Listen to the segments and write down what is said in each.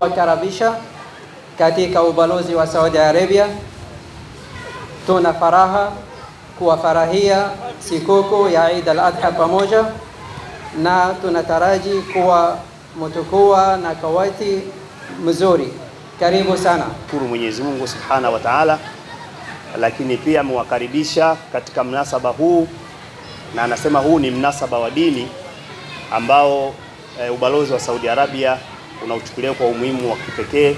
Wakaribisha katika ubalozi wa Saudi Arabia. Tuna faraha kuwafarahia sikukuu ya Eid al-Adha pamoja na tunataraji kuwa mtakuwa na kawati mzuri. Karibu sana. Shukuru Mwenyezi Mungu Subhanahu wa Ta'ala, lakini pia amewakaribisha katika mnasaba huu, na anasema huu ni mnasaba wa dini ambao e, ubalozi wa Saudi Arabia unauchukulia kwa umuhimu wa kipekee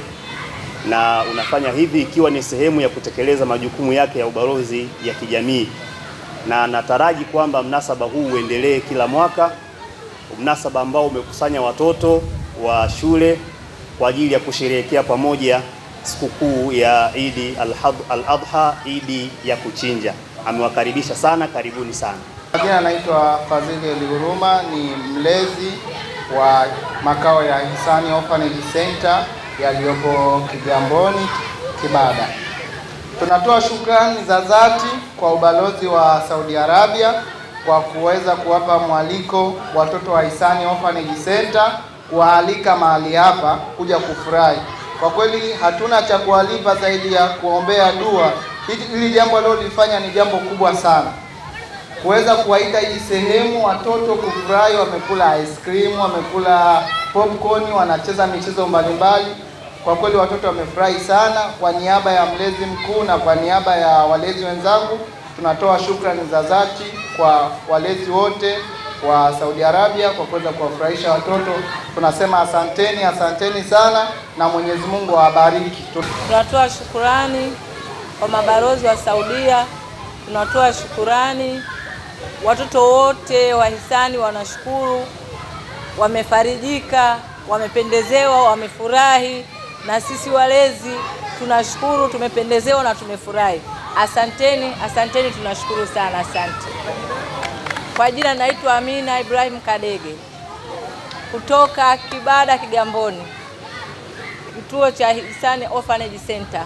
na unafanya hivi ikiwa ni sehemu ya kutekeleza majukumu yake ya ubalozi ya kijamii, na nataraji kwamba mnasaba huu uendelee kila mwaka, mnasaba ambao umekusanya watoto wa shule kwa ajili ya kusherehekea pamoja sikukuu ya Idi al-Adha, Idi ya kuchinja. Amewakaribisha sana, karibuni sana. Jina naitwa Fazili Elihuruma, ni mlezi wa makao ya Hisani Orphanage Center yaliyopo Kigamboni, Kibada. Tunatoa shukrani za dhati kwa ubalozi wa Saudi Arabia kwa kuweza kuwapa mwaliko watoto wa Hisani Orphanage Center kuwaalika mahali hapa kuja kufurahi. Kwa kweli hatuna cha kuwalipa zaidi ya kuombea dua. Hili jambo leo ni jambo kubwa sana kuweza kuwaita hii sehemu watoto kufurahi, wamekula ice cream, wamekula popcorn, wanacheza michezo mbalimbali. Kwa kweli watoto wamefurahi sana. Kwa niaba ya mlezi mkuu na kwa niaba ya walezi wenzangu, tunatoa shukrani za dhati kwa walezi wote wa Saudi Arabia kwa kuweza kuwafurahisha watoto. Tunasema asanteni, asanteni sana na Mwenyezi Mungu awabariki. Tunatoa shukurani kwa mabalozi wa Saudia, tunatoa shukurani Watoto wote wahisani wanashukuru, wamefarijika, wamependezewa, wamefurahi, na sisi walezi tunashukuru, tumependezewa na tumefurahi. Asanteni, asanteni, tunashukuru sana, asante. Kwa jina naitwa Amina Ibrahim Kadege kutoka Kibada Kigamboni, kituo cha Hisani Orphanage Center.